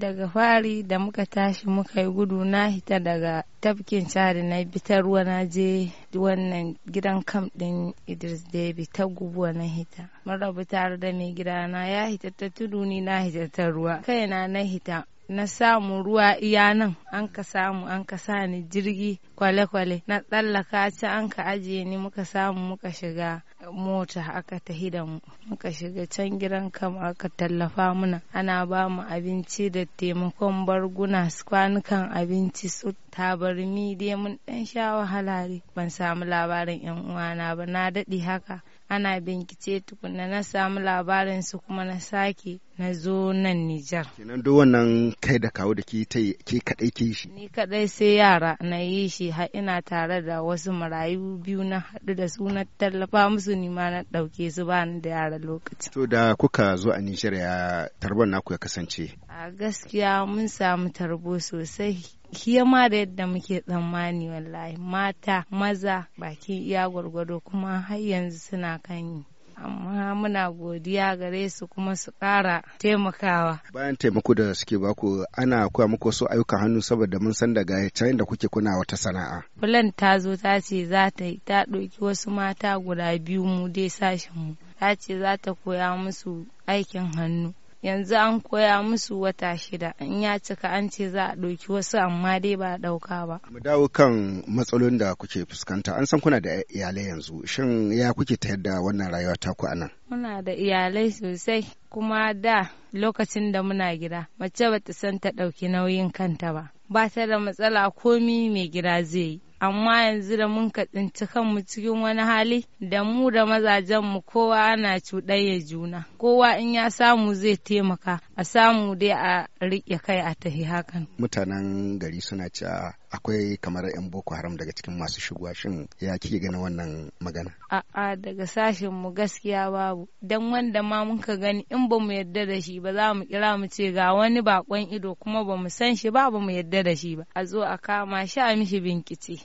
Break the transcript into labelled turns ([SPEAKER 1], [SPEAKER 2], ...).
[SPEAKER 1] daga fari da muka tashi muka yi gudu na hita daga tafkin cari na bitar ruwa na je wannan gidan kam din idris debi ta gubuwa na hita mun rabu tare da mai na ya hita ta tudu ni na hita ta ruwa kaina na hita na samu ruwa iya nan an ka samu an ka sa ni jirgi kwale-kwale na tsallaka ci an ka ajiye ni muka samu muka shiga mota aka tahi da mu muka shiga can gidan kam aka tallafa muna ana ba mu abinci da taimakon barguna kwanukan abinci su tabarmi dai mun dan sha wahala ban samu labarin yan uwana ba na daɗe haka ana bincike tukuna na samu labarin su kuma na sake na zo nan Nijar. Kenan
[SPEAKER 2] duk wannan kai da kawo da ke ta ke kaɗai ke shi? Ni
[SPEAKER 1] kaɗai sai yara na yi shi har ina tare da wasu marayu biyu na haɗu da su na tallafa musu ni ma na ɗauke su ba ni da yara lokaci.
[SPEAKER 2] To da kuka zo a Nijar ya tarbon naku ya kasance?
[SPEAKER 1] A gaskiya mun samu tarbo sosai. hiya da yadda muke tsammani wallahi mata maza baki iya gwargwado kuma har yanzu suna kan yi amma muna godiya gare su kuma su ƙara taimakawa.
[SPEAKER 2] Bayan taimako da suke baku ana koya muku wasu ayyukan hannu saboda mun san daga can da kuke kuna wata sana'a.
[SPEAKER 1] fulan ta zo ta ce za ta yi ta ɗauki wasu mata guda biyu mu dai sashen mu. Ta ce za ta koya musu aikin hannu. yanzu an koya musu wata shida in ya cika an ce za a ɗauki wasu amma dai ba a ɗauka ba. mu
[SPEAKER 2] dawo kan matsalolin da kuke fuskanta an san kuna da iyalai yanzu shin ya kuke ta yadda wannan rayuwa ta ku anan.
[SPEAKER 1] muna da iyalai sosai kuma da lokacin da muna gida mace bata san ta ɗauki nauyin kanta ba ba ta da matsala komi mai gida zai yi amma yanzu da mun ka tsinci kanmu cikin wani hali da mu da mazajen mu kowa ana ya juna kowa in ya samu zai taimaka a samu dai a riƙe kai a tahi hakan
[SPEAKER 2] mutanen gari suna ci akwai kamar 'yan boko haram daga cikin masu shigowa shin ya kike gani wannan magana
[SPEAKER 1] a'a daga sashen mu gaskiya babu dan wanda ma mun ka gani in ba mu yarda da shi ba za mu kira mu ce ga wani bakon ido kuma ba mu san shi ba ba mu yarda da shi ba a zo a kama shi a mishi binkici